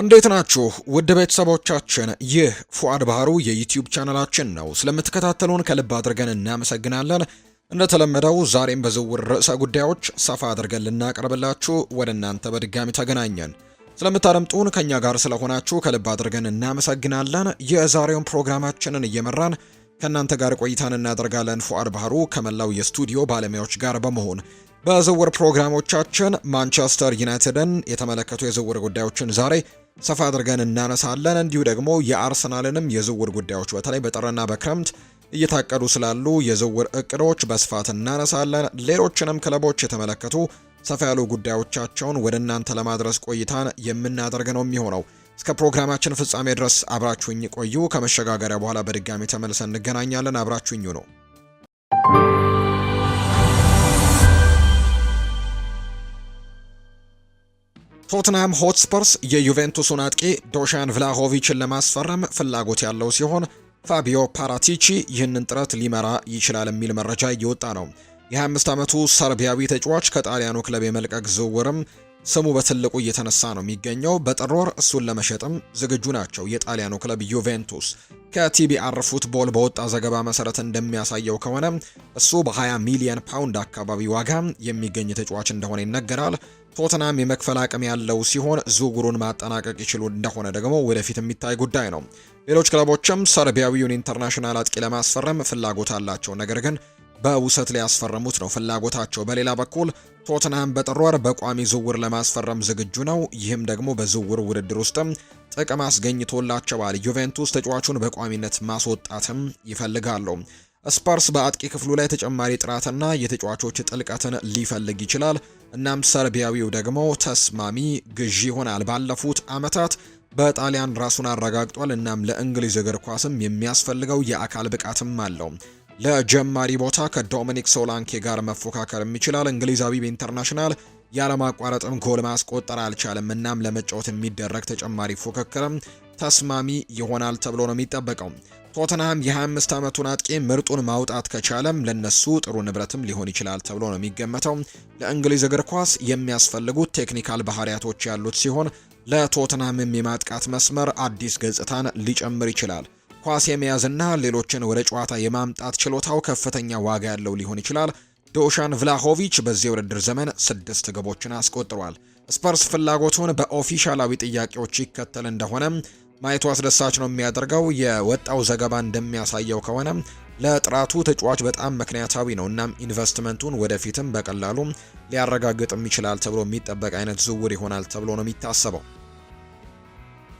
እንዴት ናችሁ ውድ ቤተሰቦቻችን፣ ይህ ፉአድ ባህሩ የዩቲዩብ ቻናላችን ነው። ስለምትከታተሉን ከልብ አድርገን እናመሰግናለን። እንደተለመደው ዛሬም በዝውውር ርዕሰ ጉዳዮች ሰፋ አድርገን ልናቀርብላችሁ ወደ እናንተ በድጋሚ ተገናኘን። ስለምታደምጡን ከእኛ ጋር ስለሆናችሁ ከልብ አድርገን እናመሰግናለን። የዛሬውን ፕሮግራማችንን እየመራን ከእናንተ ጋር ቆይታን እናደርጋለን። ፉአድ ባህሩ ከመላው የስቱዲዮ ባለሙያዎች ጋር በመሆን በዝውውር ፕሮግራሞቻችን ማንቸስተር ዩናይትድን የተመለከቱ የዝውውር ጉዳዮችን ዛሬ ሰፋ አድርገን እናነሳለን። እንዲሁ ደግሞ የአርሰናልንም የዝውውር ጉዳዮች በተለይ በጥርና በክረምት እየታቀዱ ስላሉ የዝውውር እቅዶች በስፋት እናነሳለን። ሌሎችንም ክለቦች የተመለከቱ ሰፋ ያሉ ጉዳዮቻቸውን ወደ እናንተ ለማድረስ ቆይታን የምናደርግ ነው የሚሆነው። እስከ ፕሮግራማችን ፍጻሜ ድረስ አብራችሁኝ ቆዩ። ከመሸጋገሪያ በኋላ በድጋሚ ተመልሰን እንገናኛለን። አብራችሁኝ ነው። ቶትናም ሆትስፐርስ የዩቬንቱሱን አጥቂ ዶሻን ቭላሆቪችን ለማስፈረም ፍላጎት ያለው ሲሆን ፋቢዮ ፓራቲቺ ይህንን ጥረት ሊመራ ይችላል የሚል መረጃ እየወጣ ነው። የ25 ዓመቱ ሰርቢያዊ ተጫዋች ከጣሊያኑ ክለብ የመልቀቅ ዝውውርም ስሙ በትልቁ እየተነሳ ነው የሚገኘው። በጥር ወር እሱን ለመሸጥም ዝግጁ ናቸው። የጣሊያኑ ክለብ ዩቬንቱስ ከቲቢአር ፉትቦል በወጣ ዘገባ መሰረት እንደሚያሳየው ከሆነ እሱ በ20 ሚሊዮን ፓውንድ አካባቢ ዋጋ የሚገኝ ተጫዋች እንደሆነ ይነገራል። ቶትናም የመክፈል አቅም ያለው ሲሆን ዝውውሩን ማጠናቀቅ ይችሉ እንደሆነ ደግሞ ወደፊት የሚታይ ጉዳይ ነው። ሌሎች ክለቦችም ሰርቢያዊውን ኢንተርናሽናል አጥቂ ለማስፈረም ፍላጎት አላቸው፣ ነገር ግን በውሰት ሊያስፈረሙት ነው ፍላጎታቸው። በሌላ በኩል ቶትንሃም በጥር ወር በቋሚ ዝውውር ለማስፈረም ዝግጁ ነው። ይህም ደግሞ በዝውውር ውድድር ውስጥም ጥቅም አስገኝቶላቸዋል። ዩቬንቱስ ተጫዋቹን በቋሚነት ማስወጣትም ይፈልጋሉ። ስፐርስ በአጥቂ ክፍሉ ላይ ተጨማሪ ጥራትና የተጫዋቾች ጥልቀትን ሊፈልግ ይችላል። እናም ሰርቢያዊው ደግሞ ተስማሚ ግዢ ይሆናል። ባለፉት ዓመታት በጣሊያን ራሱን አረጋግጧል። እናም ለእንግሊዝ እግር ኳስም የሚያስፈልገው የአካል ብቃትም አለው። ለጀማሪ ቦታ ከዶሚኒክ ሶላንኬ ጋር መፎካከር ይችላል። እንግሊዛዊ ኢንተርናሽናል ያለማቋረጥም ጎል ማስቆጠር አልቻለም። እናም ለመጫወት የሚደረግ ተጨማሪ ፉክክርም ተስማሚ ይሆናል ተብሎ ነው የሚጠበቀው። ቶተንሃም የ25 ዓመቱን አጥቂ ምርጡን ማውጣት ከቻለም ለነሱ ጥሩ ንብረትም ሊሆን ይችላል ተብሎ ነው የሚገመተው። ለእንግሊዝ እግር ኳስ የሚያስፈልጉት ቴክኒካል ባህሪያቶች ያሉት ሲሆን ለቶተንሃምም የማጥቃት መስመር አዲስ ገጽታን ሊጨምር ይችላል። ኳስ የመያዝና ሌሎችን ወደ ጨዋታ የማምጣት ችሎታው ከፍተኛ ዋጋ ያለው ሊሆን ይችላል። ዶሻን ቭላሆቪች በዚህ የውድድር ዘመን ስድስት ግቦችን አስቆጥሯል። ስፐርስ ፍላጎቱን በኦፊሻላዊ ጥያቄዎች ይከተል እንደሆነ ማየቱ አስደሳች ነው የሚያደርገው። የወጣው ዘገባ እንደሚያሳየው ከሆነ ለጥራቱ ተጫዋች በጣም ምክንያታዊ ነው። እናም ኢንቨስትመንቱን ወደፊትም በቀላሉ ሊያረጋግጥም ይችላል ተብሎ የሚጠበቅ አይነት ዝውውር ይሆናል ተብሎ ነው የሚታሰበው።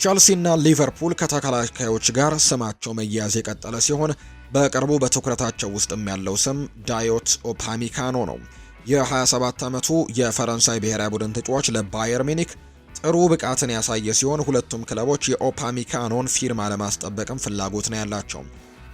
ቸልሲና ሊቨርፑል ከተከላካዮች ጋር ስማቸው መያያዝ የቀጠለ ሲሆን በቅርቡ በትኩረታቸው ውስጥም ያለው ስም ዳዮት ኦፓሚካኖ ነው። የ27 ዓመቱ የፈረንሳይ ብሔራዊ ቡድን ተጫዋች ለባየር ሚኒክ ጥሩ ብቃትን ያሳየ ሲሆን ሁለቱም ክለቦች የኦፓሚካኖን ፊርማ ለማስጠበቅም ፍላጎት ነው ያላቸው።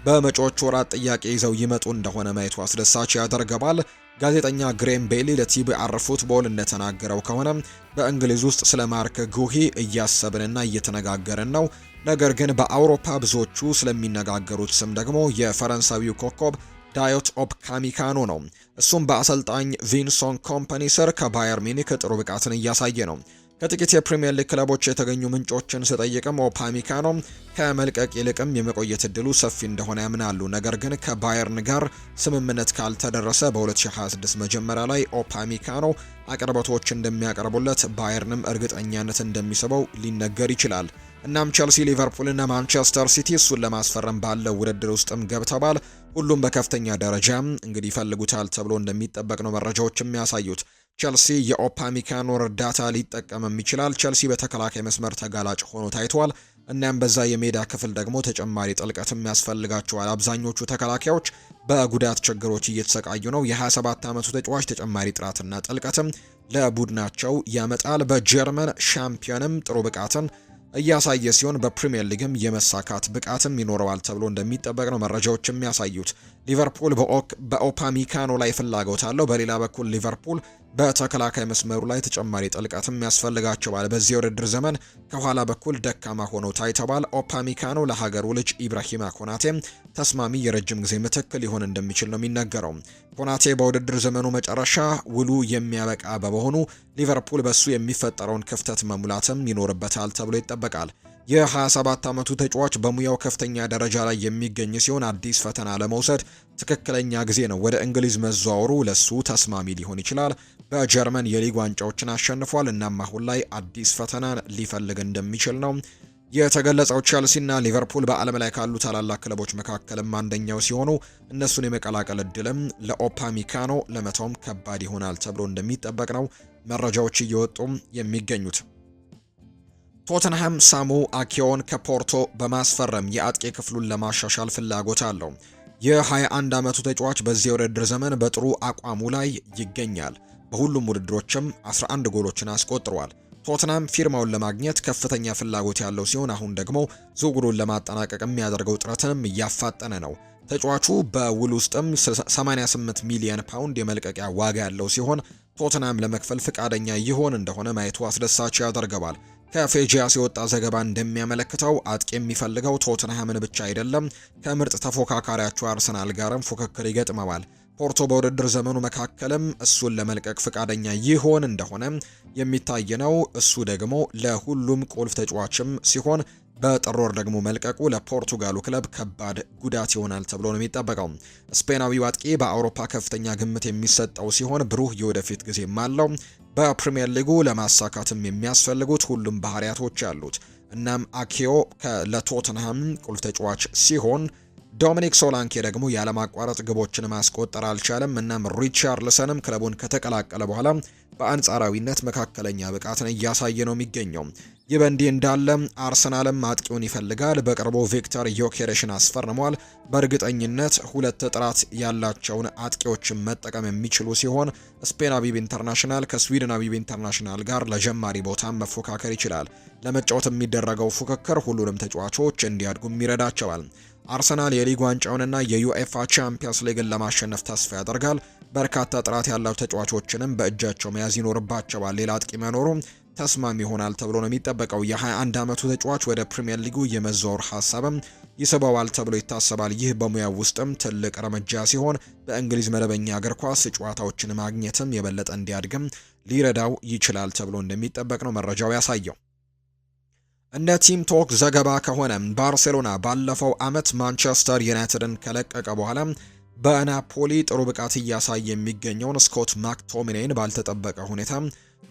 በመጪዎቹ ወራት ጥያቄ ይዘው ይመጡ እንደሆነ ማየቱ አስደሳች ያደርገባል። ጋዜጠኛ ግሬም ቤሊ ለቲቢአር ፉትቦል እንደተናገረው ከሆነ በእንግሊዝ ውስጥ ስለ ማርክ ጉሂ እያሰብንና እየተነጋገርን ነው። ነገር ግን በአውሮፓ ብዙዎቹ ስለሚነጋገሩት ስም ደግሞ የፈረንሳዊው ኮከብ ዳዮት ኦፕ ካሚካኖ ነው። እሱም በአሰልጣኝ ቪንሶን ኮምፓኒ ስር ከባየር ሚኒክ ጥሩ ብቃትን እያሳየ ነው። ከጥቂት የፕሪምየር ሊግ ክለቦች የተገኙ ምንጮችን ስጠይቅም ኦፓሚካኖ ከመልቀቅ ይልቅም የመቆየት እድሉ ሰፊ እንደሆነ ያምናሉ። ነገር ግን ከባየርን ጋር ስምምነት ካልተደረሰ በ2026 መጀመሪያ ላይ ኦፓሚካኖ አቅርቦቶች እንደሚያቀርቡለት ባየርንም እርግጠኛነት እንደሚስበው ሊነገር ይችላል። እናም ቸልሲ፣ ሊቨርፑልና ማንቸስተር ሲቲ እሱን ለማስፈረም ባለው ውድድር ውስጥም ገብተዋል። ሁሉም በከፍተኛ ደረጃ እንግዲህ ይፈልጉታል ተብሎ እንደሚጠበቅ ነው መረጃዎች የሚያሳዩት። ቸልሲ የኦፓሚካኖ እርዳታ ሊጠቀምም ይችላል። ቸልሲ በተከላካይ መስመር ተጋላጭ ሆኖ ታይቷል። እናም በዛ የሜዳ ክፍል ደግሞ ተጨማሪ ጥልቀትም ያስፈልጋቸዋል። አብዛኞቹ ተከላካዮች በጉዳት ችግሮች እየተሰቃዩ ነው። የ27 ዓመቱ ተጫዋች ተጨማሪ ጥራትና ጥልቀትም ለቡድናቸው ያመጣል። በጀርመን ሻምፒዮንም ጥሩ ብቃትን እያሳየ ሲሆን በፕሪምየር ሊግም የመሳካት ብቃትም ይኖረዋል ተብሎ እንደሚጠበቅ ነው መረጃዎች የሚያሳዩት። ሊቨርፑል በኦፓሚካኖ ላይ ፍላጎት አለው። በሌላ በኩል ሊቨርፑል በተከላካይ መስመሩ ላይ ተጨማሪ ጥልቀትም ያስፈልጋቸዋል። በዚህ የውድድር ዘመን ከኋላ በኩል ደካማ ሆነው ታይተዋል። ኦፓሚካኖ ለሀገሩ ልጅ ኢብራሂማ ኮናቴም ተስማሚ የረጅም ጊዜ ምትክ ሊሆን እንደሚችል ነው የሚነገረው። ኮናቴ በውድድር ዘመኑ መጨረሻ ውሉ የሚያበቃ በመሆኑ ሊቨርፑል በሱ የሚፈጠረውን ክፍተት መሙላትም ይኖርበታል ተብሎ ይጠበቃል። የ27 ዓመቱ ተጫዋች በሙያው ከፍተኛ ደረጃ ላይ የሚገኝ ሲሆን አዲስ ፈተና ለመውሰድ ትክክለኛ ጊዜ ነው። ወደ እንግሊዝ መዘዋወሩ ለሱ ተስማሚ ሊሆን ይችላል። በጀርመን የሊግ ዋንጫዎችን አሸንፏል። እናም አሁን ላይ አዲስ ፈተና ሊፈልግ እንደሚችል ነው የተገለጸው። ቼልሲና ሊቨርፑል በዓለም ላይ ካሉ ታላላቅ ክለቦች መካከልም አንደኛው ሲሆኑ እነሱን የመቀላቀል እድልም ለኦፓሚካኖ ለመተውም ከባድ ይሆናል ተብሎ እንደሚጠበቅ ነው መረጃዎች እየወጡም የሚገኙት። ቶተንሃም ሳሙ አኪዮን ከፖርቶ በማስፈረም የአጥቂ ክፍሉን ለማሻሻል ፍላጎት አለው። የ21 ዓመቱ ተጫዋች በዚህ የውድድር ዘመን በጥሩ አቋሙ ላይ ይገኛል። በሁሉም ውድድሮችም 11 ጎሎችን አስቆጥሯል። ቶትናም ፊርማውን ለማግኘት ከፍተኛ ፍላጎት ያለው ሲሆን አሁን ደግሞ ዝውውሩን ለማጠናቀቅ የሚያደርገው ጥረትንም እያፋጠነ ነው። ተጫዋቹ በውል ውስጥም 88 ሚሊዮን ፓውንድ የመልቀቂያ ዋጋ ያለው ሲሆን ቶትናም ለመክፈል ፈቃደኛ ይሆን እንደሆነ ማየቱ አስደሳች ያደርገዋል። ከፌጂያስ የወጣ ዘገባ እንደሚያመለክተው አጥቂ የሚፈልገው ቶትንሃምን ብቻ አይደለም፣ ከምርጥ ተፎካካሪያቸው አርሰናል ጋርም ፉክክር ይገጥመዋል። ፖርቶ በውድድር ዘመኑ መካከልም እሱን ለመልቀቅ ፈቃደኛ ይሆን እንደሆነ የሚታይ ነው። እሱ ደግሞ ለሁሉም ቁልፍ ተጫዋችም ሲሆን በጥር ወር ደግሞ መልቀቁ ለፖርቱጋሉ ክለብ ከባድ ጉዳት ይሆናል ተብሎ ነው የሚጠበቀው። ስፔናዊው አጥቂ በአውሮፓ ከፍተኛ ግምት የሚሰጠው ሲሆን ብሩህ የወደፊት ጊዜም አለው። በፕሪምየር ሊጉ ለማሳካትም የሚያስፈልጉት ሁሉም ባህሪያቶች አሉት። እናም አኪዮ ለቶትንሃም ቁልፍ ተጫዋች ሲሆን ዶሚኒክ ሶላንኬ ደግሞ ያለማቋረጥ ግቦችን ማስቆጠር አልቻለም። እናም ሪቻርልሰንም ክለቡን ከተቀላቀለ በኋላ በአንጻራዊነት መካከለኛ ብቃትን እያሳየ ነው የሚገኘው። ይህ በእንዲህ እንዳለ አርሰናልም አጥቂውን ይፈልጋል። በቅርቡ ቪክተር ዮኬሬሽን አስፈርሟል። በእርግጠኝነት ሁለት ጥራት ያላቸውን አጥቂዎችን መጠቀም የሚችሉ ሲሆን ስፔን አቢብ ኢንተርናሽናል ከስዊድን አቢብ ኢንተርናሽናል ጋር ለጀማሪ ቦታ መፎካከር ይችላል። ለመጫወት የሚደረገው ፉክክር ሁሉንም ተጫዋቾች እንዲያድጉም ይረዳቸዋል። አርሰናል የሊግ ዋንጫውንና የዩኤፋ ቻምፒየንስ ሊግን ለማሸነፍ ተስፋ ያደርጋል። በርካታ ጥራት ያላቸው ተጫዋቾችንም በእጃቸው መያዝ ይኖርባቸዋል። ሌላ አጥቂ መኖሩ ተስማሚ ይሆናል ተብሎ ነው የሚጠበቀው። የ21 ዓመቱ ተጫዋች ወደ ፕሪምየር ሊጉ የመዛወር ሀሳብም ይስበዋል ተብሎ ይታሰባል። ይህ በሙያው ውስጥም ትልቅ እርምጃ ሲሆን በእንግሊዝ መደበኛ እግር ኳስ ጨዋታዎችን ማግኘትም የበለጠ እንዲያድግም ሊረዳው ይችላል ተብሎ እንደሚጠበቅ ነው መረጃው ያሳየው። እንደ ቲም ቶክ ዘገባ ከሆነ ባርሴሎና ባለፈው ዓመት ማንቸስተር ዩናይትድን ከለቀቀ በኋላ በናፖሊ ጥሩ ብቃት እያሳየ የሚገኘውን ስኮት ማክቶሚኔን ባልተጠበቀ ሁኔታ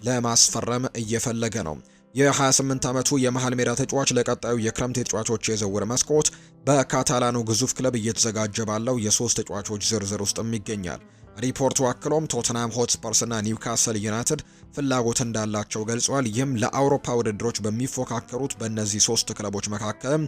ለማስፈረም እየፈለገ ነው። የ28 ዓመቱ የመሃል ሜዳ ተጫዋች ለቀጣዩ የክረምት የተጫዋቾች የዝውውር መስኮት በካታላኑ ግዙፍ ክለብ እየተዘጋጀ ባለው የሶስት ተጫዋቾች ዝርዝር ውስጥም ይገኛል። ሪፖርቱ አክሎም ቶትናም ሆትስፐርስና ኒውካስል ዩናይትድ ፍላጎት እንዳላቸው ገልጿል። ይህም ለአውሮፓ ውድድሮች በሚፎካከሩት በእነዚህ ሶስት ክለቦች መካከልም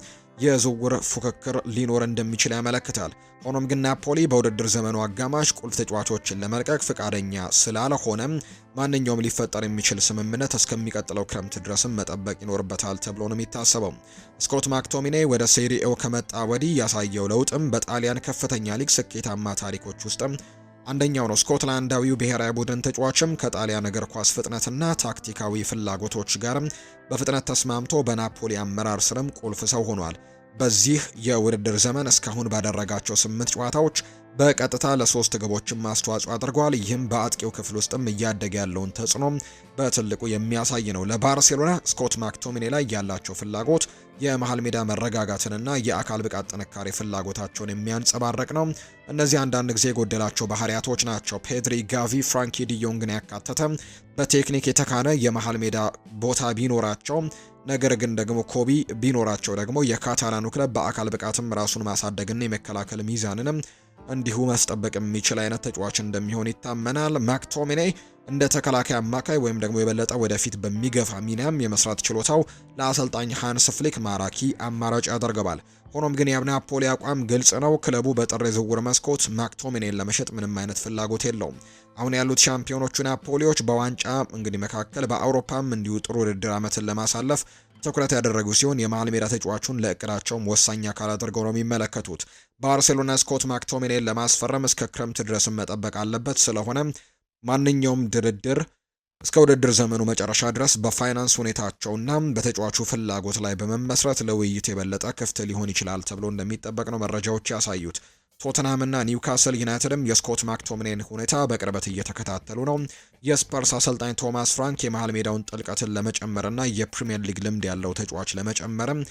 የዝውውር ፉክክር ሊኖር እንደሚችል ያመለክታል። ሆኖም ግን ናፖሊ በውድድር ዘመኑ አጋማሽ ቁልፍ ተጫዋቾችን ለመልቀቅ ፍቃደኛ ስላልሆነም ማንኛውም ሊፈጠር የሚችል ስምምነት እስከሚቀጥለው ክረምት ድረስም መጠበቅ ይኖርበታል ተብሎ ነው የሚታሰበው። ስኮት ማክቶሚኔ ወደ ሴሪኤው ከመጣ ወዲህ ያሳየው ለውጥም በጣሊያን ከፍተኛ ሊግ ስኬታማ ታሪኮች ውስጥም አንደኛው ነው። ስኮትላንዳዊው ብሔራዊ ቡድን ተጫዋችም ከጣሊያን እግር ኳስ ፍጥነትና ታክቲካዊ ፍላጎቶች ጋርም በፍጥነት ተስማምቶ በናፖሊ አመራር ስርም ቁልፍ ሰው ሆኗል። በዚህ የውድድር ዘመን እስካሁን ባደረጋቸው ስምንት ጨዋታዎች በቀጥታ ለሶስት ግቦችም አስተዋጽኦ አድርጓል። ይህም በአጥቂው ክፍል ውስጥም እያደገ ያለውን ተጽዕኖም በትልቁ የሚያሳይ ነው። ለባርሴሎና ስኮት ማክቶሚኔ ላይ ያላቸው ፍላጎት የመሀል ሜዳ መረጋጋትንና የአካል ብቃት ጥንካሬ ፍላጎታቸውን የሚያንጸባረቅ ነው። እነዚህ አንዳንድ ጊዜ የጎደላቸው ባህሪያቶች ናቸው። ፔድሪ፣ ጋቪ፣ ፍራንኪ ዲዮንግን ያካተተ በቴክኒክ የተካነ የመሀል ሜዳ ቦታ ቢኖራቸው ነገር ግን ደግሞ ኮቢ ቢኖራቸው ደግሞ የካታላኑ ክለብ በአካል ብቃትም ራሱን ማሳደግና የመከላከል ሚዛንንም እንዲሁ ማስጠበቅ የሚችል አይነት ተጫዋች እንደሚሆን ይታመናል። ማክቶሚኔ እንደ ተከላካይ አማካይ ወይም ደግሞ የበለጠ ወደፊት በሚገፋ ሚናም የመስራት ችሎታው ለአሰልጣኝ ሃንስ ፍሊክ ማራኪ አማራጭ ያደርገዋል። ሆኖም ግን የናፖሊ አቋም ግልጽ ነው። ክለቡ በጥር የዝውውር መስኮት ማክቶሚኔን ለመሸጥ ምንም አይነት ፍላጎት የለውም። አሁን ያሉት ሻምፒዮኖቹ ናፖሊዎች በዋንጫ እንግዲህ መካከል በአውሮፓም እንዲሁ ጥሩ ውድድር ዓመትን ለማሳለፍ ትኩረት ያደረጉ ሲሆን የመሃል ሜዳ ተጫዋቹን ለእቅዳቸውም ወሳኝ አካል አድርገው ነው የሚመለከቱት። ባርሴሎና ስኮት ማክቶሚኔን ለማስፈረም እስከ ክረምት ድረስም መጠበቅ አለበት። ስለሆነ ማንኛውም ድርድር እስከ ውድድር ዘመኑ መጨረሻ ድረስ በፋይናንስ ሁኔታቸውና በተጫዋቹ ፍላጎት ላይ በመመስረት ለውይይት የበለጠ ክፍት ሊሆን ይችላል ተብሎ እንደሚጠበቅ ነው መረጃዎች ያሳዩት። ቶትንሃምና ኒውካስል ዩናይትድም የስኮት ማክቶምኔን ሁኔታ በቅርበት እየተከታተሉ ነው። የስፐርስ አሰልጣኝ ቶማስ ፍራንክ የመሃል ሜዳውን ጥልቀትን ለመጨመርና የፕሪምየር ሊግ ልምድ ያለው ተጫዋች ለመጨመርም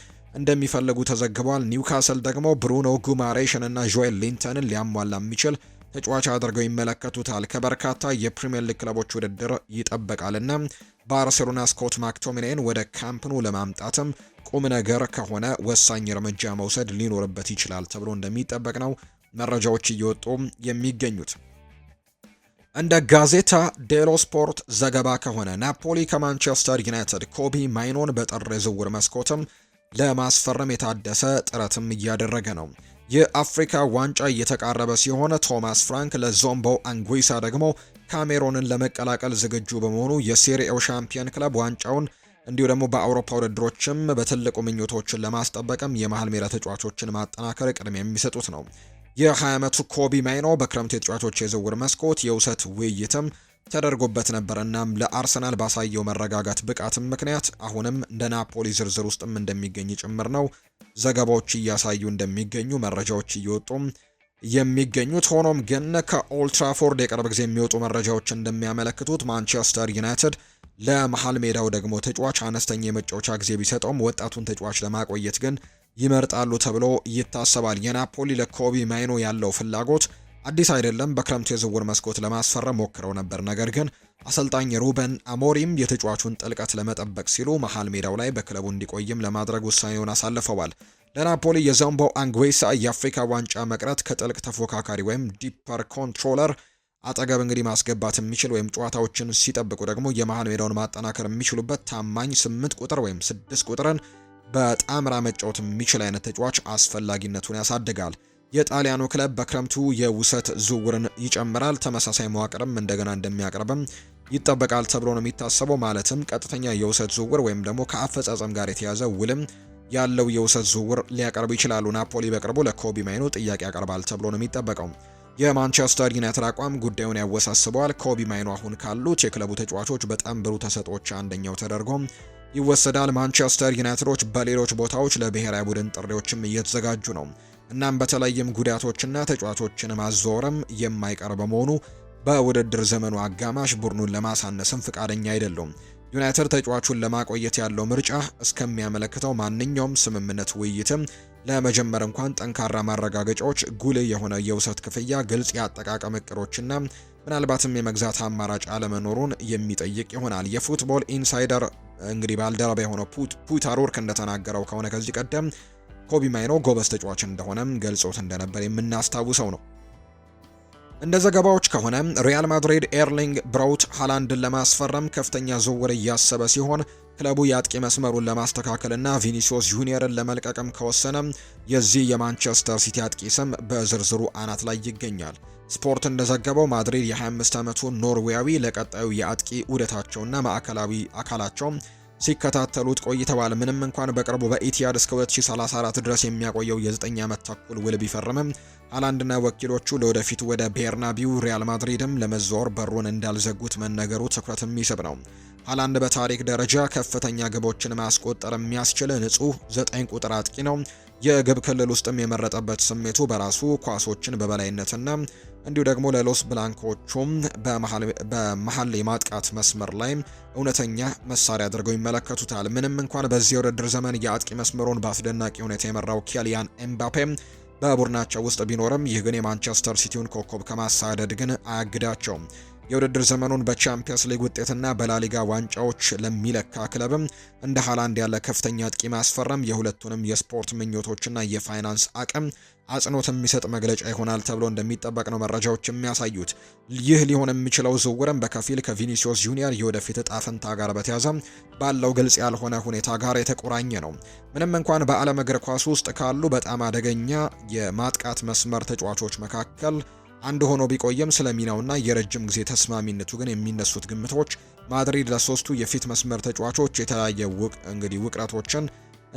እንደሚፈልጉ ተዘግቧል። ኒውካስል ደግሞ ብሩኖ ጉማሬሽንና ጆኤል ሊንተንን ሊያሟላ የሚችል ተጫዋች አድርገው ይመለከቱታል። ከበርካታ የፕሪምየር ሊግ ክለቦች ውድድር ይጠበቃልና ባርሴሎና ስኮት ማክቶሚናይን ወደ ካምፕኑ ለማምጣትም ቁም ነገር ከሆነ ወሳኝ እርምጃ መውሰድ ሊኖርበት ይችላል ተብሎ እንደሚጠበቅ ነው መረጃዎች እየወጡ የሚገኙት። እንደ ጋዜታ ዴሎ ስፖርት ዘገባ ከሆነ ናፖሊ ከማንቸስተር ዩናይትድ ኮቢ ማይኖን በጥር የዝውውር መስኮትም ለማስፈረም የታደሰ ጥረትም እያደረገ ነው። የአፍሪካ ዋንጫ እየተቃረበ ሲሆን ቶማስ ፍራንክ ለዞምቦ አንጉሳ ደግሞ ካሜሮንን ለመቀላቀል ዝግጁ በመሆኑ የሴሪኤው ሻምፒየን ክለብ ዋንጫውን እንዲሁ ደግሞ በአውሮፓ ውድድሮችም በትልቁ ምኞቶችን ለማስጠበቅም የመሀል ሜዳ ተጫዋቾችን ማጠናከር ቅድሚያ የሚሰጡት ነው። የ20 ዓመቱ ኮቢ ማይኖ በክረምት የተጫዋቾች የዝውውር መስኮት የውሰት ውይይትም ተደርጎበት ነበር። እናም ለአርሰናል ባሳየው መረጋጋት ብቃትም ምክንያት አሁንም እንደ ናፖሊ ዝርዝር ውስጥም እንደሚገኝ ጭምር ነው ዘገባዎች እያሳዩ እንደሚገኙ መረጃዎች እየወጡም የሚገኙት። ሆኖም ግን ከኦልትራፎርድ የቅርብ ጊዜ የሚወጡ መረጃዎች እንደሚያመለክቱት ማንቸስተር ዩናይትድ ለመሀል ሜዳው ደግሞ ተጫዋች አነስተኛ የመጫወቻ ጊዜ ቢሰጠውም ወጣቱን ተጫዋች ለማቆየት ግን ይመርጣሉ ተብሎ ይታሰባል። የናፖሊ ለኮቢ ማይኖ ያለው ፍላጎት አዲስ አይደለም። በክረምቱ የዝውውር መስኮት ለማስፈረም ሞክረው ነበር። ነገር ግን አሰልጣኝ ሩበን አሞሪም የተጫዋቹን ጥልቀት ለመጠበቅ ሲሉ መሀል ሜዳው ላይ በክለቡ እንዲቆይም ለማድረግ ውሳኔውን አሳልፈዋል። ለናፖሊ የዘምቦ አንግዌሳ የአፍሪካ ዋንጫ መቅረት ከጥልቅ ተፎካካሪ ወይም ዲፐር ኮንትሮለር አጠገብ እንግዲህ ማስገባት የሚችል ወይም ጨዋታዎችን ሲጠብቁ ደግሞ የመሀል ሜዳውን ማጠናከር የሚችሉበት ታማኝ ስምንት ቁጥር ወይም ስድስት ቁጥርን በጣምራ መጫወት የሚችል አይነት ተጫዋች አስፈላጊነቱን ያሳድጋል። የጣሊያኑ ክለብ በክረምቱ የውሰት ዝውውርን ይጨምራል። ተመሳሳይ መዋቅርም እንደገና እንደሚያቀርብም ይጠበቃል ተብሎ ነው የሚታሰበው። ማለትም ቀጥተኛ የውሰት ዝውውር ወይም ደግሞ ከአፈጻጸም ጋር የተያዘ ውልም ያለው የውሰት ዝውውር ሊያቀርቡ ይችላሉ። ናፖሊ በቅርቡ ለኮቢ ማይኖ ጥያቄ ያቀርባል ተብሎ ነው የሚጠበቀው። የማንቸስተር ዩናይትድ አቋም ጉዳዩን ያወሳስበዋል። ኮቢ ማይኖ አሁን ካሉት የክለቡ ተጫዋቾች በጣም ብሩህ ተሰጦች አንደኛው ተደርጎ ይወሰዳል። ማንቸስተር ዩናይትዶች በሌሎች ቦታዎች ለብሔራዊ ቡድን ጥሪዎችም እየተዘጋጁ ነው። እናም በተለይም ጉዳቶችና ተጫዋቾችን ማዛወርም የማይቀር በመሆኑ በውድድር ዘመኑ አጋማሽ ቡድኑን ለማሳነስም ፍቃደኛ አይደሉም። ዩናይትድ ተጫዋቹን ለማቆየት ያለው ምርጫ እስከሚያመለክተው ማንኛውም ስምምነት ውይይትም ለመጀመር እንኳን ጠንካራ ማረጋገጫዎች፣ ጉልህ የሆነ የውሰት ክፍያ፣ ግልጽ የአጠቃቀም እቅዶችና ምናልባትም የመግዛት አማራጭ አለመኖሩን የሚጠይቅ ይሆናል። የፉትቦል ኢንሳይደር እንግዲህ ባልደረባ የሆነው ፑታሩርክ እንደተናገረው ከሆነ ከዚህ ቀደም ኮቢ ማይኖ ጎበዝ ተጫዋች እንደሆነም ገልጾት እንደነበር የምናስታውሰው ነው። እንደ ዘገባዎች ከሆነ ሪያል ማድሪድ ኤርሊንግ ብራውት ሃላንድን ለማስፈረም ከፍተኛ ዝውውር እያሰበ ሲሆን ክለቡ የአጥቂ መስመሩን ለማስተካከልና ቪኒሲዮስ ጁኒየርን ለመልቀቅም ከወሰነ የዚህ የማንቸስተር ሲቲ አጥቂ ስም በዝርዝሩ አናት ላይ ይገኛል። ስፖርት እንደዘገበው ማድሪድ የ25 ዓመቱ ኖርዌያዊ ለቀጣዩ የአጥቂ ውደታቸውና ማዕከላዊ አካላቸው ሲከታተሉት ቆይተዋል። ምንም እንኳን በቅርቡ በኢቲያድ እስከ 2034 ድረስ የሚያቆየው የ9 ዓመት ተኩል ውል ቢፈርምም ሃላንድና ወኪሎቹ ለወደፊቱ ወደ ቤርናቢው ሪያል ማድሪድም ለመዛወር በሩን እንዳልዘጉት መነገሩ ትኩረት የሚስብ ነው። ሃላንድ በታሪክ ደረጃ ከፍተኛ ግቦችን ማስቆጠር የሚያስችል ንጹህ ዘጠኝ ቁጥር አጥቂ ነው። የግብ ክልል ውስጥም የመረጠበት ስሜቱ በራሱ ኳሶችን በበላይነትና እንዲሁ ደግሞ ለሎስ ብላንኮቹም በመሀል የማጥቃት መስመር ላይ እውነተኛ መሳሪያ አድርገው ይመለከቱታል። ምንም እንኳን በዚህ የውድድር ዘመን የአጥቂ መስመሩን በአስደናቂ ሁኔታ የመራው ኪሊያን ኤምባፔ በቡድናቸው ውስጥ ቢኖርም ይህ ግን የማንቸስተር ሲቲውን ኮከብ ከማሳደድ ግን አያግዳቸውም። የውድድር ዘመኑን በቻምፒየንስ ሊግ ውጤትና በላሊጋ ዋንጫዎች ለሚለካ ክለብም እንደ ሃላንድ ያለ ከፍተኛ አጥቂ ማስፈረም የሁለቱንም የስፖርት ምኞቶችና የፋይናንስ አቅም አጽንኦት የሚሰጥ መግለጫ ይሆናል ተብሎ እንደሚጠበቅ ነው መረጃዎች የሚያሳዩት። ይህ ሊሆን የሚችለው ዝውውርም በከፊል ከቪኒሲዮስ ጁኒየር የወደፊት እጣ ፈንታ ጋር በተያዘ ባለው ግልጽ ያልሆነ ሁኔታ ጋር የተቆራኘ ነው። ምንም እንኳን በዓለም እግር ኳስ ውስጥ ካሉ በጣም አደገኛ የማጥቃት መስመር ተጫዋቾች መካከል አንድ ሆኖ ቢቆየም ስለ ሚናውና የረጅም ጊዜ ተስማሚነቱ ግን የሚነሱት ግምቶች ማድሪድ ለሶስቱ የፊት መስመር ተጫዋቾች የተለያየ እንግዲህ ውቅረቶችን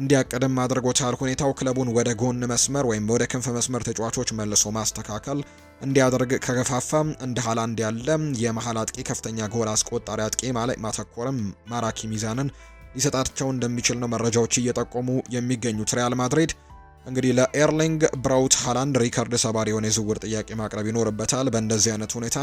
እንዲያቀደም አድርጎታል። ሁኔታው ክለቡን ወደ ጎን መስመር ወይም ወደ ክንፍ መስመር ተጫዋቾች መልሶ ማስተካከል እንዲያደርግ ከገፋፋ እንደ ሃላንድ ያለ የመሀል አጥቂ ከፍተኛ ጎል አስቆጣሪ አጥቂ ማለት ማተኮርም ማራኪ ሚዛንን ሊሰጣቸው እንደሚችል ነው መረጃዎች እየጠቆሙ የሚገኙት ሪያል ማድሪድ እንግዲህ ለኤርሊንግ ብራውት ሃላንድ ሪከርድ ሰባሪ የሆነ የዝውውር ጥያቄ ማቅረብ ይኖርበታል። በእንደዚህ አይነት ሁኔታ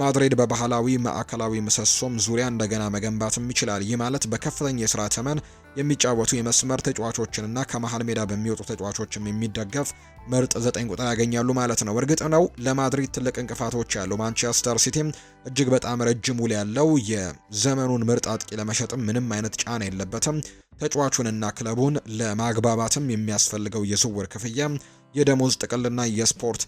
ማድሪድ በባህላዊ ማዕከላዊ ምሰሶም ዙሪያ እንደገና መገንባትም ይችላል። ይህ ማለት በከፍተኛ የስራ ተመን የሚጫወቱ የመስመር ተጫዋቾችንና ከመሀል ሜዳ በሚወጡ ተጫዋቾችም የሚደገፍ ምርጥ ዘጠኝ ቁጥር ያገኛሉ ማለት ነው። እርግጥ ነው ለማድሪድ ትልቅ እንቅፋቶች ያሉ ማንቸስተር ሲቲም እጅግ በጣም ረጅም ውል ያለው የዘመኑን ምርጥ አጥቂ ለመሸጥም ምንም አይነት ጫና የለበትም። ተጫዋቹንና ክለቡን ለማግባባትም የሚያስፈልገው የዝውውር ክፍያ፣ የደሞዝ ጥቅልና የስፖርት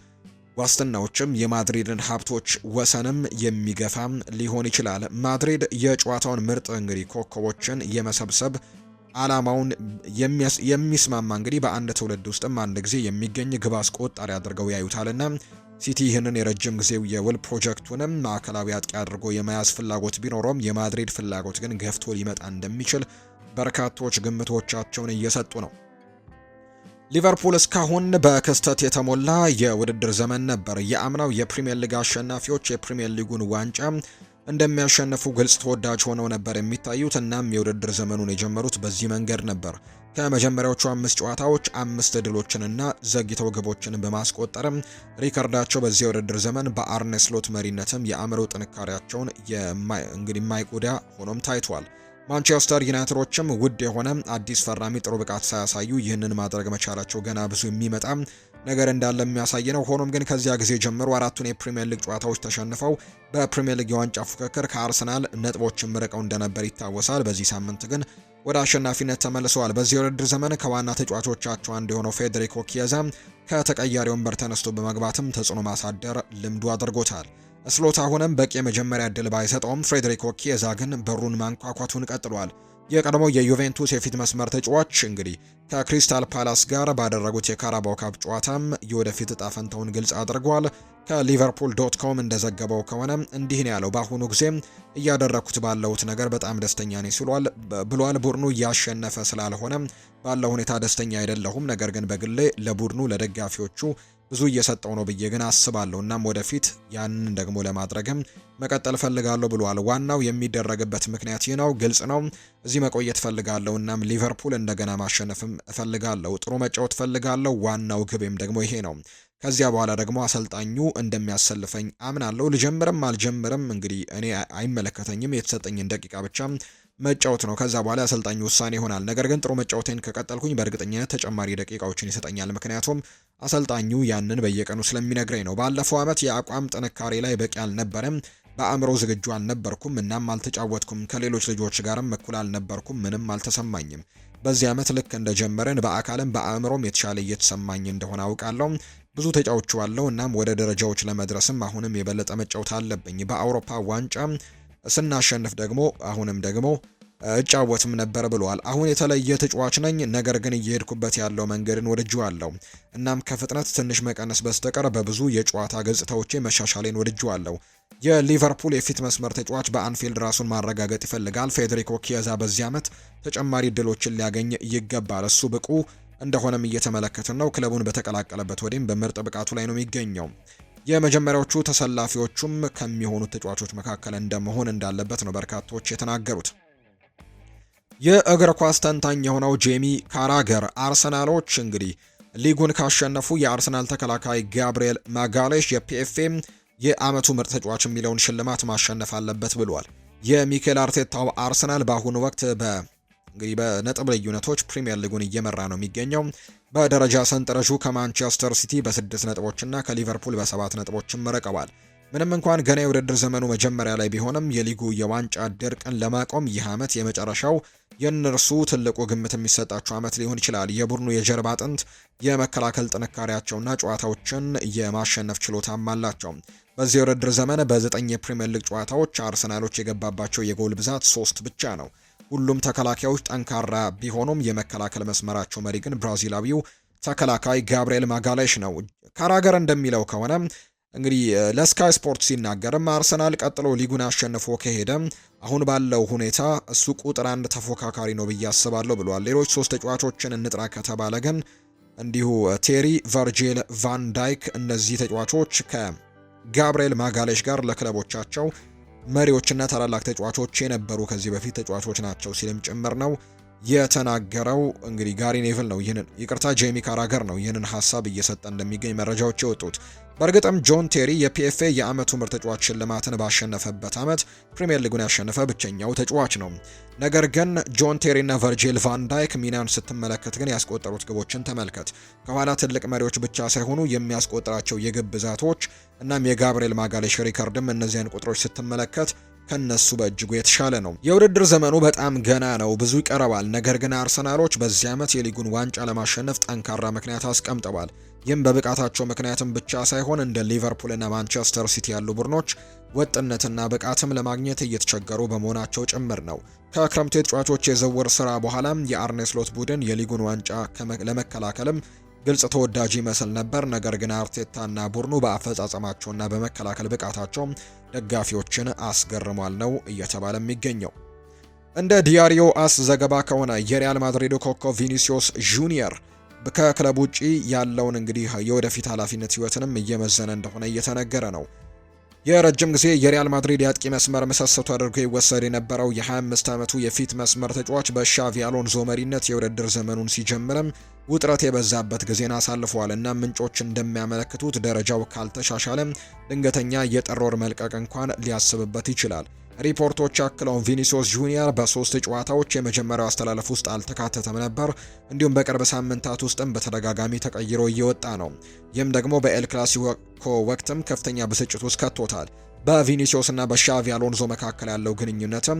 ዋስትናዎችም የማድሪድን ሀብቶች ወሰንም የሚገፋም ሊሆን ይችላል። ማድሪድ የጨዋታውን ምርጥ እንግዲህ ኮከቦችን የመሰብሰብ አላማውን የሚስማማ እንግዲህ በአንድ ትውልድ ውስጥም አንድ ጊዜ የሚገኝ ግብ አስቆጣሪ አድርገው ያዩታልና ሲቲ ይህንን የረጅም ጊዜው የውል ፕሮጀክቱንም ማዕከላዊ አጥቂ አድርጎ የመያዝ ፍላጎት ቢኖረውም የማድሪድ ፍላጎት ግን ገፍቶ ሊመጣ እንደሚችል በርካቶች ግምቶቻቸውን እየሰጡ ነው። ሊቨርፑል እስካሁን በክስተት የተሞላ የውድድር ዘመን ነበር። የአምናው የፕሪምየር ሊግ አሸናፊዎች የፕሪምየር ሊጉን ዋንጫ እንደሚያሸንፉ ግልጽ ተወዳጅ ሆነው ነበር የሚታዩት። እናም የውድድር ዘመኑን የጀመሩት በዚህ መንገድ ነበር። ከመጀመሪያዎቹ አምስት ጨዋታዎች አምስት ድሎችንና ዘግይተው ግቦችን በማስቆጠርም ሪከርዳቸው በዚህ የውድድር ዘመን በአርኔ ስሎት መሪነትም የአእምሮ ጥንካሬያቸውን እንግዲህ የማይጎዳ ሆኖም ታይቷል። ማንቸስተር ዩናይትዶችም ውድ የሆነ አዲስ ፈራሚ ጥሩ ብቃት ሳያሳዩ ይህንን ማድረግ መቻላቸው ገና ብዙ የሚመጣ ነገር እንዳለ የሚያሳይ ነው። ሆኖም ግን ከዚያ ጊዜ ጀምሮ አራቱን የፕሪምየር ሊግ ጨዋታዎች ተሸንፈው በፕሪምየር ሊግ የዋንጫ ፉክክር ከአርሰናል ነጥቦችም ርቀው እንደነበር ይታወሳል። በዚህ ሳምንት ግን ወደ አሸናፊነት ተመልሰዋል። በዚህ ውድድር ዘመን ከዋና ተጫዋቾቻቸው አንዱ የሆነው ፌዴሪኮ ኪየዛ ከተቀያሪ ወንበር ተነስቶ በመግባትም ተጽዕኖ ማሳደር ልምዱ አድርጎታል። ስሎት አሁንም በቂ የመጀመሪያ እድል ባይሰጠውም ፍሬድሪክ ኪየዛ ግን በሩን ማንኳኳቱን ቀጥሏል። የቀድሞ የዩቬንቱስ የፊት መስመር ተጫዋች እንግዲህ ከክሪስታል ፓላስ ጋር ባደረጉት የካራባው ካፕ ጨዋታም የወደፊት እጣ ፈንታውን ግልጽ አድርጓል። ከሊቨርፑል ዶት ኮም እንደዘገበው ከሆነ እንዲህ ነው ያለው። በአሁኑ ጊዜ እያደረግኩት ባለሁት ነገር በጣም ደስተኛ ነኝ ሲሏል ብሏል። ቡድኑ እያሸነፈ ስላልሆነ ባለው ሁኔታ ደስተኛ አይደለሁም፣ ነገር ግን በግሌ ለቡድኑ ለደጋፊዎቹ ብዙ እየሰጠው ነው ብዬ ግን አስባለሁ። እናም ወደፊት ያንን ደግሞ ለማድረግም መቀጠል ፈልጋለሁ ብሏል። ዋናው የሚደረግበት ምክንያት ይህ ነው፣ ግልጽ ነው። እዚህ መቆየት ፈልጋለሁ። እናም ሊቨርፑል እንደገና ማሸነፍም እፈልጋለሁ። ጥሩ መጫወት ፈልጋለሁ። ዋናው ግቤም ደግሞ ይሄ ነው። ከዚያ በኋላ ደግሞ አሰልጣኙ እንደሚያሰልፈኝ አምናለሁ። ልጀምርም አልጀምርም እንግዲህ እኔ አይመለከተኝም። የተሰጠኝን ደቂቃ ብቻ መጫወት ነው። ከዛ በኋላ አሰልጣኝ ውሳኔ ይሆናል። ነገር ግን ጥሩ መጫወቴን ከቀጠልኩኝ በእርግጠኝነት ተጨማሪ ደቂቃዎችን ይሰጠኛል። ምክንያቱም አሰልጣኙ ያንን በየቀኑ ስለሚነግረኝ ነው። ባለፈው ዓመት የአቋም ጥንካሬ ላይ በቂ አልነበረም። በአእምሮ ዝግጁ አልነበርኩም። እናም አልተጫወትኩም። ከሌሎች ልጆች ጋርም እኩል አልነበርኩም። ምንም አልተሰማኝም። በዚህ ዓመት ልክ እንደጀመረን በአካልም በአእምሮም የተሻለ እየተሰማኝ እንደሆነ አውቃለሁ። ብዙ ዋለው እናም ወደ ደረጃዎች ለመድረስም አሁንም የበለጠ መጫወት አለብኝ። በአውሮፓ ዋንጫ ስናሸንፍ ደግሞ አሁንም ደግሞ እጫወትም ነበር ብሏል። አሁን የተለየ ተጫዋች ነኝ፣ ነገር ግን እየሄድኩበት ያለው መንገድን ወድጄዋለሁ። እናም ከፍጥነት ትንሽ መቀነስ በስተቀር በብዙ የጨዋታ ገጽታዎቼ መሻሻሌን ወድጄዋለሁ። የሊቨርፑል የፊት መስመር ተጫዋች በአንፊልድ ራሱን ማረጋገጥ ይፈልጋል። ፌዴሪኮ ኪያዛ በዚህ ዓመት ተጨማሪ እድሎችን ሊያገኝ ይገባል። እሱ ብቁ እንደሆነም እየተመለከትን ነው። ክለቡን በተቀላቀለበት ወዲህም በምርጥ ብቃቱ ላይ ነው የሚገኘው። የመጀመሪያዎቹ ተሰላፊዎቹም ከሚሆኑት ተጫዋቾች መካከል እንደመሆን እንዳለበት ነው በርካቶች የተናገሩት። የእግር ኳስ ተንታኝ የሆነው ጄሚ ካራገር አርሰናሎች እንግዲህ ሊጉን ካሸነፉ የአርሰናል ተከላካይ ጋብርኤል ማጋሌሽ የፒኤፍኤም የአመቱ ምርጥ ተጫዋች የሚለውን ሽልማት ማሸነፍ አለበት ብሏል። የሚኬል አርቴታው አርሰናል በአሁኑ ወቅት በ እንግዲህ በነጥብ ልዩነቶች ፕሪምየር ሊጉን እየመራ ነው የሚገኘው። በደረጃ ሰንጠረዡ ከማንቸስተር ሲቲ በስድስት ነጥቦችና ከሊቨርፑል በሰባት ነጥቦችም ርቀዋል። ምንም እንኳን ገና የውድድር ዘመኑ መጀመሪያ ላይ ቢሆንም የሊጉ የዋንጫ ድርቅን ለማቆም ይህ ዓመት የመጨረሻው የእነርሱ ትልቁ ግምት የሚሰጣቸው ዓመት ሊሆን ይችላል። የቡድኑ የጀርባ አጥንት የመከላከል ጥንካሬያቸውና ጨዋታዎችን የማሸነፍ ችሎታም አላቸው። በዚህ የውድድር ዘመን በዘጠኝ የፕሪምየር ሊግ ጨዋታዎች አርሰናሎች የገባባቸው የጎል ብዛት ሶስት ብቻ ነው። ሁሉም ተከላካዮች ጠንካራ ቢሆኑም የመከላከል መስመራቸው መሪ ግን ብራዚላዊው ተከላካይ ጋብርኤል ማጋሌሽ ነው። ካራገር እንደሚለው ከሆነ እንግዲህ ለስካይ ስፖርት ሲናገርም አርሰናል ቀጥሎ ሊጉን አሸንፎ ከሄደ አሁን ባለው ሁኔታ እሱ ቁጥር አንድ ተፎካካሪ ነው ብዬ አስባለሁ ብሏል። ሌሎች ሶስት ተጫዋቾችን እንጥራ ከተባለ ግን እንዲሁ ቴሪ፣ ቨርጂል ቫን ዳይክ እነዚህ ተጫዋቾች ከጋብርኤል ማጋሌሽ ጋር ለክለቦቻቸው መሪዎችና ታላላቅ ተጫዋቾች የነበሩ ከዚህ በፊት ተጫዋቾች ናቸው ሲልም ጭምር ነው የተናገረው እንግዲህ ጋሪ ኔቭል ነው። ይህንን ይቅርታ ጄሚ ካራገር ነው ይህንን ሀሳብ እየሰጠ እንደሚገኝ መረጃዎች የወጡት። በእርግጥም ጆን ቴሪ የፒኤፍኤ የአመቱ ምርጥ ተጫዋች ሽልማትን ባሸነፈበት ዓመት ፕሪምየር ሊጉን ያሸነፈ ብቸኛው ተጫዋች ነው። ነገር ግን ጆን ቴሪ ቨርጂል ቫንዳይክ ሚናን ስትመለከት ግን ያስቆጠሩት ግቦችን ተመልከት። ከኋላ ትልቅ መሪዎች ብቻ ሳይሆኑ የሚያስቆጥራቸው የግብ ብዛቶች እናም የጋብርኤል ማጋሌሽ ሪከርድም እነዚያን ቁጥሮች ስትመለከት ከነሱ በእጅጉ የተሻለ ነው። የውድድር ዘመኑ በጣም ገና ነው፣ ብዙ ይቀረዋል። ነገር ግን አርሰናሎች በዚህ ዓመት የሊጉን ዋንጫ ለማሸነፍ ጠንካራ ምክንያት አስቀምጠዋል። ይህም በብቃታቸው ምክንያትም ብቻ ሳይሆን እንደ ሊቨርፑልና ማንቸስተር ሲቲ ያሉ ቡድኖች ወጥነትና ብቃትም ለማግኘት እየተቸገሩ በመሆናቸው ጭምር ነው። ከክረምቱ የተጫዋቾች የዝውውር ስራ በኋላም የአርኔስሎት ቡድን የሊጉን ዋንጫ ለመከላከልም ግልጽ ተወዳጅ ይመስል ነበር። ነገር ግን አርቴታና ቡድኑ በአፈጻጸማቸውና በመከላከል ብቃታቸው ደጋፊዎችን አስገርሟል ነው እየተባለ የሚገኘው። እንደ ዲያሪዮ አስ ዘገባ ከሆነ የሪያል ማድሪድ ኮከብ ቪኒሲዮስ ጁኒየር ከክለብ ውጪ ያለውን እንግዲህ የወደፊት ኃላፊነት ህይወትንም እየመዘነ እንደሆነ እየተነገረ ነው። የረጅም ጊዜ የሪያል ማድሪድ የአጥቂ መስመር ምሰሶ አድርጎ ይወሰድ የነበረው የ25 ዓመቱ የፊት መስመር ተጫዋች በሻቪ አሎንዞ መሪነት የውድድር ዘመኑን ሲጀምርም ውጥረት የበዛበት ጊዜን አሳልፈዋል እና ምንጮች እንደሚያመለክቱት ደረጃው ካልተሻሻለም ድንገተኛ የጠሮር መልቀቅ እንኳን ሊያስብበት ይችላል። ሪፖርቶች አክለውም ቪኒሲዮስ ጁኒየር በሶስት ጨዋታዎች የመጀመሪያው አስተላለፍ ውስጥ አልተካተተም ነበር። እንዲሁም በቅርብ ሳምንታት ውስጥም በተደጋጋሚ ተቀይሮ እየወጣ ነው። ይህም ደግሞ በኤል ክላሲኮ ወቅትም ከፍተኛ ብስጭት ውስጥ ከቶታል። በቪኒሲዮስ እና በሻቪ አሎንዞ መካከል ያለው ግንኙነትም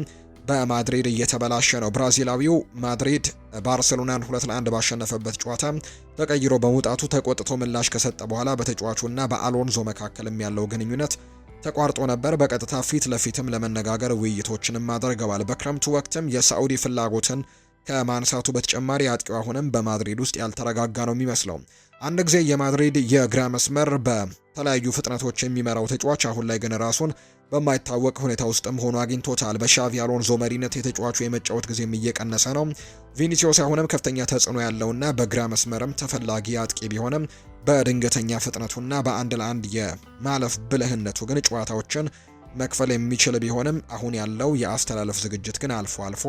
በማድሪድ እየተበላሸ ነው። ብራዚላዊው ማድሪድ ባርሴሎናን ሁለት ለአንድ ባሸነፈበት ጨዋታ ተቀይሮ በመውጣቱ ተቆጥቶ ምላሽ ከሰጠ በኋላ በተጫዋቹና በአሎንዞ መካከልም ያለው ግንኙነት ተቋርጦ ነበር። በቀጥታ ፊት ለፊትም ለመነጋገር ውይይቶችንም አድርገዋል። በክረምቱ ወቅትም የሳዑዲ ፍላጎትን ከማንሳቱ በተጨማሪ አጥቂው አሁንም በማድሪድ ውስጥ ያልተረጋጋ ነው የሚመስለው። አንድ ጊዜ የማድሪድ የግራ መስመር በተለያዩ ፍጥነቶች የሚመራው ተጫዋች አሁን ላይ ግን ራሱን በማይታወቅ ሁኔታ ውስጥም ሆኖ አግኝቶታል። በሻቪ አሎንዞ መሪነት የተጫዋቹ የመጫወት ጊዜም እየቀነሰ ነው። ቪኒሲዮስ አሁንም ከፍተኛ ተጽዕኖ ያለውና በግራ መስመርም ተፈላጊ አጥቂ ቢሆንም በድንገተኛ ፍጥነቱና በአንድ ለአንድ የማለፍ ብልህነቱ ግን ጨዋታዎችን መክፈል የሚችል ቢሆንም አሁን ያለው የአስተላለፍ ዝግጅት ግን አልፎ አልፎ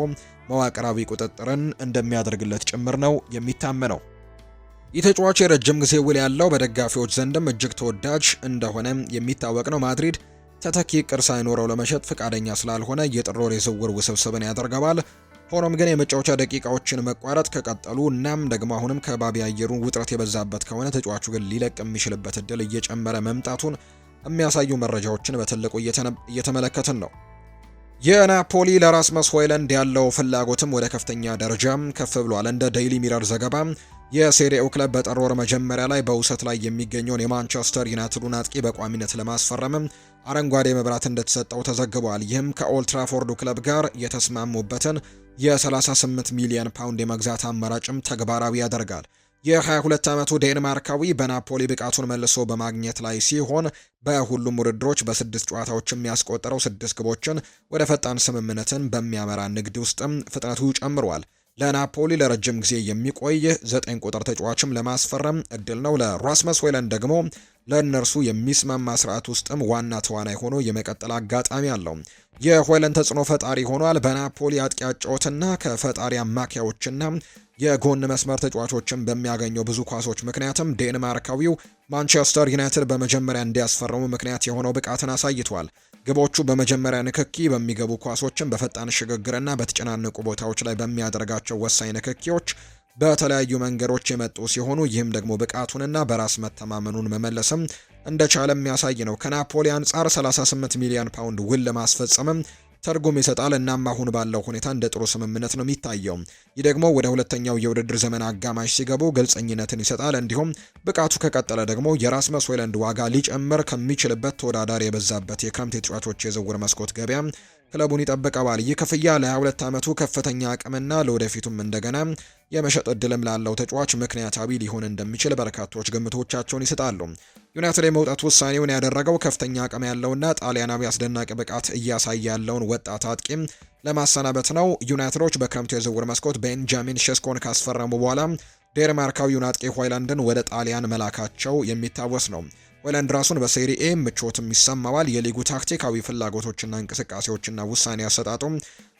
መዋቅራዊ ቁጥጥርን እንደሚያደርግለት ጭምር ነው የሚታመነው። ይህ የረጅም ጊዜ ውል ያለው በደጋፊዎች ዘንድም እጅግ ተወዳጅ እንደሆነ የሚታወቅ ነው። ማድሪድ ተተኪ ቅር ሳይኖረው ለመሸጥ ፈቃደኛ ስላልሆነ የጥሮር የዝውውር ውስብስብን ያደርገዋል። ሆኖም ግን የመጫወቻ ደቂቃዎችን መቋረጥ ከቀጠሉ እናም ደግሞ አሁንም ከባቢ አየሩን ውጥረት የበዛበት ከሆነ ተጫዋቹ ግን ሊለቅ የሚችልበት እድል እየጨመረ መምጣቱን የሚያሳዩ መረጃዎችን በትልቁ እየተመለከትን ነው። የናፖሊ ለራስመስ ሆይለንድ ያለው ፍላጎትም ወደ ከፍተኛ ደረጃም ከፍ ብሏል። እንደ ዴይሊ ሚረር ዘገባ የሴሪኤው ክለብ በጥር ወር መጀመሪያ ላይ በውሰት ላይ የሚገኘውን የማንቸስተር ዩናይትዱን አጥቂ በቋሚነት ለማስፈረምም አረንጓዴ መብራት እንደተሰጠው ተዘግቧል። ይህም ከኦልትራፎርዱ ክለብ ጋር የተስማሙበትን የ38 ሚሊዮን ፓውንድ የመግዛት አማራጭም ተግባራዊ ያደርጋል። የ22 ዓመቱ ዴንማርካዊ በናፖሊ ብቃቱን መልሶ በማግኘት ላይ ሲሆን በሁሉም ውድድሮች በስድስት ጨዋታዎች የሚያስቆጠረው ስድስት ግቦችን ወደ ፈጣን ስምምነትን በሚያመራ ንግድ ውስጥም ፍጥነቱ ጨምሯል። ለናፖሊ ለረጅም ጊዜ የሚቆይ ዘጠኝ ቁጥር ተጫዋችም ለማስፈረም እድል ነው። ለራስመስ ሆይለንድ ደግሞ ለእነርሱ የሚስማማ ስርዓት ውስጥም ዋና ተዋናይ ሆኖ የመቀጠል አጋጣሚ አለው። የሆይለንድ ተጽዕኖ ፈጣሪ ሆኗል። በናፖሊ አጥቂ አጫወትና ከፈጣሪ አማካዮችና የጎን መስመር ተጫዋቾችን በሚያገኘው ብዙ ኳሶች ምክንያትም ዴንማርካዊው ማንቸስተር ዩናይትድ በመጀመሪያ እንዲያስፈርሙ ምክንያት የሆነው ብቃትን አሳይቷል። ግቦቹ በመጀመሪያ ንክኪ በሚገቡ ኳሶችን በፈጣን ሽግግርና በተጨናነቁ ቦታዎች ላይ በሚያደርጋቸው ወሳኝ ንክኪዎች በተለያዩ መንገዶች የመጡ ሲሆኑ ይህም ደግሞ ብቃቱንና በራስ መተማመኑን መመለስም እንደቻለ የሚያሳይ ነው። ከናፖሊ አንጻር 38 ሚሊዮን ፓውንድ ውል ለማስፈጸምም ትርጉም ይሰጣል። እናም አሁን ባለው ሁኔታ እንደ ጥሩ ስምምነት ነው የሚታየው። ይህ ደግሞ ወደ ሁለተኛው የውድድር ዘመን አጋማሽ ሲገቡ ግልጸኝነትን ይሰጣል። እንዲሁም ብቃቱ ከቀጠለ ደግሞ የራስመስ ሆይሉንድ ዋጋ ሊጨምር ከሚችልበት ተወዳዳሪ የበዛበት የክረምት የተጫዋቾች የዝውውር መስኮት ገበያ ክለቡን ይጠብቀዋል። ይህ ክፍያ ለ22 ዓመቱ ከፍተኛ አቅምና ለወደፊቱም እንደገና የመሸጥ እድልም ላለው ተጫዋች ምክንያታዊ ሊሆን እንደሚችል በርካቶች ግምቶቻቸውን ይሰጣሉ። ዩናይትድ የመውጣት ውሳኔውን ያደረገው ከፍተኛ አቅም ያለውና ጣሊያናዊ አስደናቂ ብቃት እያሳየ ያለውን ወጣት አጥቂም ለማሰናበት ነው። ዩናይትዶች በክረምቱ የዝውውር መስኮት ቤንጃሚን ሸስኮን ካስፈረሙ በኋላ ዴንማርካዊውን አጥቂ ሆይላንድን ወደ ጣሊያን መላካቸው የሚታወስ ነው። ሆይሉንድ ራሱን በሴሪኤ ምቾትም ይሰማዋል። የሊጉ ታክቲካዊ ፍላጎቶችና እንቅስቃሴዎችና ውሳኔ አሰጣጡም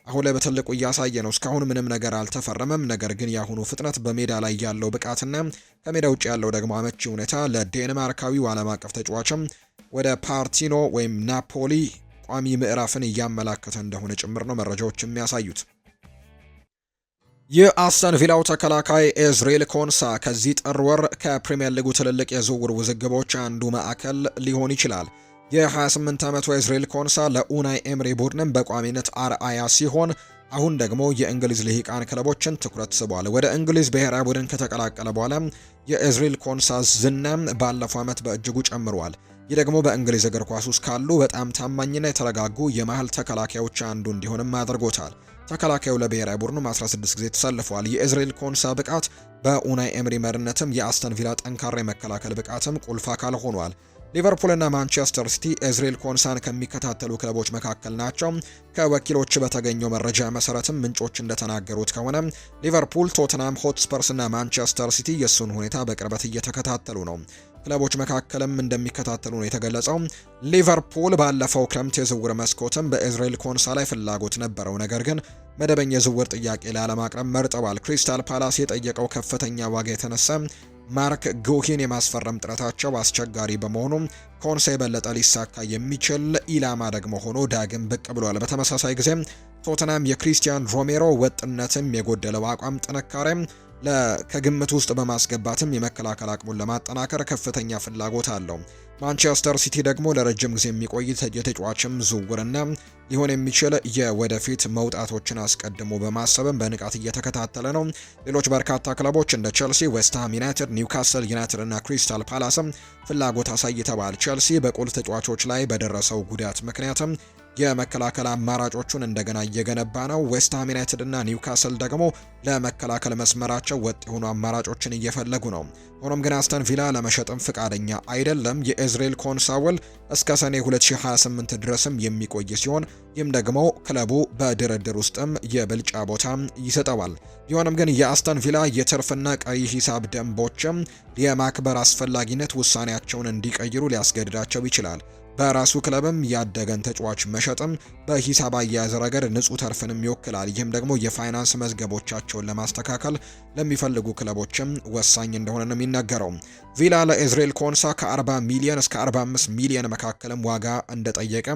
አሁን ላይ በትልቁ እያሳየ ነው። እስካሁን ምንም ነገር አልተፈረመም። ነገር ግን የአሁኑ ፍጥነት በሜዳ ላይ ያለው ብቃትና ከሜዳ ውጭ ያለው ደግሞ አመቺ ሁኔታ ለዴንማርካዊው ዓለም አቀፍ ተጫዋችም ወደ ፓርቲኖ ወይም ናፖሊ ቋሚ ምዕራፍን እያመላከተ እንደሆነ ጭምር ነው መረጃዎች የሚያሳዩት። የአስተን ቪላው ተከላካይ ኤዝሬል ኮንሳ ከዚህ ጥር ወር ከፕሪምየር ሊጉ ትልልቅ የዝውውር ውዝግቦች አንዱ ማዕከል ሊሆን ይችላል። የ28 ዓመቱ ኤዝሬል ኮንሳ ለኡናይ ኤምሪ ቡድንም በቋሚነት አርአያ ሲሆን አሁን ደግሞ የእንግሊዝ ልሂቃን ክለቦችን ትኩረት ስቧል። ወደ እንግሊዝ ብሔራዊ ቡድን ከተቀላቀለ በኋላ የኤዝሬል ኮንሳ ዝና ባለፈው ዓመት በእጅጉ ጨምሯል። ይህ ደግሞ በእንግሊዝ እግር ኳስ ውስጥ ካሉ በጣም ታማኝና የተረጋጉ የመሀል ተከላካዮች አንዱ እንዲሆንም አድርጎታል። ተከላካዩ ለብሔራዊ ቡድኑም 16 ጊዜ ተሰልፏል። የእዝራኤል ኮንሳ ብቃት በኡናይ ኤምሪ መሪነትም የአስተን ቪላ ጠንካራ የመከላከል ብቃትም ቁልፍ አካል ሆኗል። ሊቨርፑልና ማንቸስተር ሲቲ እዝሬል ኮንሳን ከሚከታተሉ ክለቦች መካከል ናቸው። ከወኪሎች በተገኘው መረጃ መሰረትም ምንጮች እንደተናገሩት ከሆነ ሊቨርፑል፣ ቶትናም ሆትስፐርስና ማንቸስተር ሲቲ የእሱን ሁኔታ በቅርበት እየተከታተሉ ነው። ክለቦች መካከልም እንደሚከታተሉ ነው የተገለጸው። ሊቨርፑል ባለፈው ክረምት የዝውውር መስኮትም በእዝራኤል ኮንሳ ላይ ፍላጎት ነበረው፣ ነገር ግን መደበኛ የዝውውር ጥያቄ ላለማቅረብ መርጠዋል። ክሪስታል ፓላስ የጠየቀው ከፍተኛ ዋጋ የተነሳ ማርክ ጎሂን የማስፈረም ጥረታቸው አስቸጋሪ በመሆኑ ኮንሳ የበለጠ ሊሳካ የሚችል ኢላማ ደግሞ ሆኖ ዳግም ብቅ ብሏል። በተመሳሳይ ጊዜ ቶትናም የክሪስቲያን ሮሜሮ ወጥነትም የጎደለው አቋም ጥንካሬም ከግምት ውስጥ በማስገባትም የመከላከል አቅሙን ለማጠናከር ከፍተኛ ፍላጎት አለው። ማንቸስተር ሲቲ ደግሞ ለረጅም ጊዜ የሚቆይ የተጫዋችም ዝውውርና ሊሆን የሚችል የወደፊት መውጣቶችን አስቀድሞ በማሰብም በንቃት እየተከታተለ ነው። ሌሎች በርካታ ክለቦች እንደ ቸልሲ፣ ዌስትሃም ዩናይትድ፣ ኒውካስል ዩናይትድ እና ክሪስታል ፓላስም ፍላጎት አሳይተዋል። ቸልሲ በቁልፍ ተጫዋቾች ላይ በደረሰው ጉዳት ምክንያትም የመከላከል አማራጮቹን እንደገና እየገነባ ነው። ዌስትሃም ዩናይትድ እና ኒውካስል ደግሞ ለመከላከል መስመራቸው ወጥ የሆኑ አማራጮችን እየፈለጉ ነው። ሆኖም ግን አስተን ቪላ ለመሸጥም ፍቃደኛ አይደለም። የእዝሬል ኮንሳውል እስከ ሰኔ 2028 ድረስም የሚቆይ ሲሆን ይህም ደግሞ ክለቡ በድርድር ውስጥም የብልጫ ቦታ ይሰጠዋል። ቢሆንም ግን የአስተን ቪላ የትርፍና ቀይ ሂሳብ ደንቦችም የማክበር አስፈላጊነት ውሳኔያቸውን እንዲቀይሩ ሊያስገድዳቸው ይችላል። በራሱ ክለብም ያደገን ተጫዋች መሸጥም በሂሳብ አያያዝ ረገድ ንጹህ ተርፍንም ይወክላል። ይህም ደግሞ የፋይናንስ መዝገቦቻቸውን ለማስተካከል ለሚፈልጉ ክለቦችም ወሳኝ እንደሆነ ነው የሚነገረው። ቪላ ለኤዝሬል ኮንሳ ከ40 ሚሊዮን እስከ 45 ሚሊዮን መካከልም ዋጋ እንደጠየቀ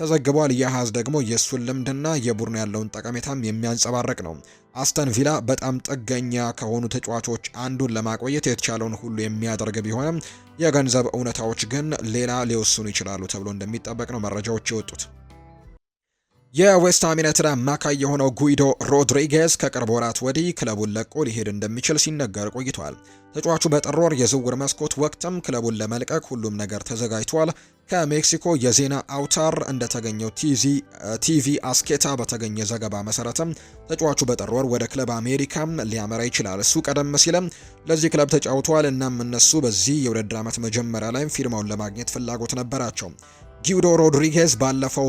ተዘግቧል። የአሃዝ ደግሞ የእሱን ልምድና የቡድኑ ያለውን ጠቀሜታም የሚያንጸባረቅ ነው። አስተን ቪላ በጣም ጥገኛ ከሆኑ ተጫዋቾች አንዱን ለማቆየት የተቻለውን ሁሉ የሚያደርግ ቢሆንም የገንዘብ እውነታዎች ግን ሌላ ሊወስኑ ይችላሉ ተብሎ እንደሚጠበቅ ነው መረጃዎች የወጡት። የዌስትሃም ዩናይትድ አማካይ የሆነው ጉይዶ ሮድሪጌዝ ከቅርብ ወራት ወዲህ ክለቡን ለቆ ሊሄድ እንደሚችል ሲነገር ቆይቷል። ተጫዋቹ በጥር ወር የዝውውር መስኮት ወቅትም ክለቡን ለመልቀቅ ሁሉም ነገር ተዘጋጅቷል። ከሜክሲኮ የዜና አውታር እንደተገኘው ቲቪ አስኬታ በተገኘ ዘገባ መሰረትም ተጫዋቹ በጥር ወር ወደ ክለብ አሜሪካም ሊያመራ ይችላል። እሱ ቀደም ሲልም ለዚህ ክለብ ተጫውተዋል። እናም እነሱ በዚህ የውድድር ዓመት መጀመሪያ ላይም ፊርማውን ለማግኘት ፍላጎት ነበራቸው። ጂውዶ ሮድሪጌዝ ባለፈው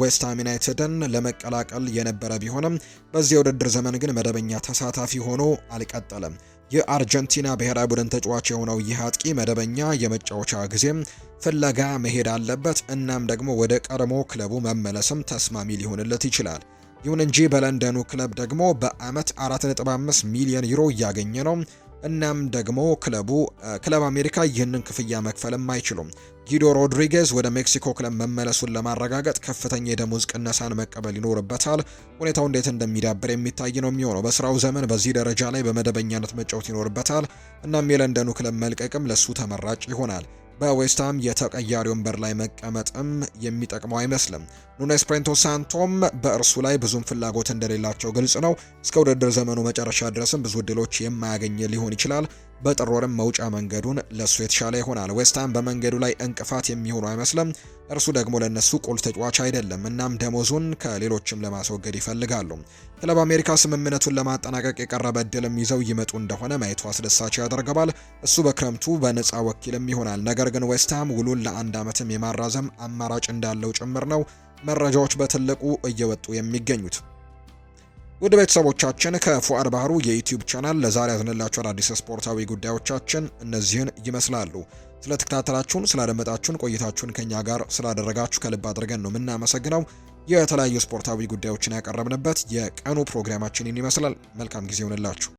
ዌስት ሃም ዩናይትድን ለመቀላቀል የነበረ ቢሆንም በዚህ የውድድር ዘመን ግን መደበኛ ተሳታፊ ሆኖ አልቀጠለም። የአርጀንቲና ብሔራዊ ቡድን ተጫዋች የሆነው ይህ አጥቂ መደበኛ የመጫወቻ ጊዜም ፍለጋ መሄድ አለበት። እናም ደግሞ ወደ ቀድሞ ክለቡ መመለስም ተስማሚ ሊሆንለት ይችላል። ይሁን እንጂ በለንደኑ ክለብ ደግሞ በአመት 4.5 ሚሊዮን ዩሮ እያገኘ ነው። እናም ደግሞ ክለቡ ክለብ አሜሪካ ይህንን ክፍያ መክፈልም አይችሉም። ጊዶ ሮድሪጌዝ ወደ ሜክሲኮ ክለብ መመለሱን ለማረጋገጥ ከፍተኛ የደሞዝ ቅነሳን መቀበል ይኖርበታል። ሁኔታው እንዴት እንደሚዳብር የሚታይ ነው የሚሆነው። በስራው ዘመን በዚህ ደረጃ ላይ በመደበኛነት መጫወት ይኖርበታል። እናም የለንደኑ ክለብ መልቀቅም ለሱ ተመራጭ ይሆናል። በዌስትሃም የተቀያሪ ወንበር ላይ መቀመጥም የሚጠቅመው አይመስልም። ኑኖ ኤስፕሬንቶ ሳንቶም በእርሱ ላይ ብዙም ፍላጎት እንደሌላቸው ግልጽ ነው። እስከ ውድድር ዘመኑ መጨረሻ ድረስም ብዙ እድሎች የማያገኝ ሊሆን ይችላል። በጥር ወርም መውጫ መንገዱን ለእሱ የተሻለ ይሆናል። ዌስትሃም በመንገዱ ላይ እንቅፋት የሚሆኑ አይመስልም። እርሱ ደግሞ ለእነሱ ቁልፍ ተጫዋች አይደለም። እናም ደሞዙን ከሌሎችም ለማስወገድ ይፈልጋሉ። ክለብ አሜሪካ ስምምነቱን ለማጠናቀቅ የቀረበ እድልም ይዘው ይመጡ እንደሆነ ማየቱ አስደሳች ያደርገዋል። እሱ በክረምቱ በነፃ ወኪልም ይሆናል። ነገር ግን ዌስትሃም ውሉን ለአንድ ዓመትም የማራዘም አማራጭ እንዳለው ጭምር ነው። መረጃዎች በትልቁ እየወጡ የሚገኙት። ውድ ቤተሰቦቻችን ከፉአድ ባህሩ የዩቲዩብ ቻናል ለዛሬ ያዝንላችሁ አዳዲስ ስፖርታዊ ጉዳዮቻችን እነዚህን ይመስላሉ። ስለተከታተላችሁን፣ ስላደመጣችሁን፣ ቆይታችሁን ከኛ ጋር ስላደረጋችሁ ከልብ አድርገን ነው የምናመሰግነው። የተለያዩ ስፖርታዊ ጉዳዮችን ያቀረብንበት የቀኑ ፕሮግራማችን ይህን ይመስላል። መልካም ጊዜ ይሆንላችሁ።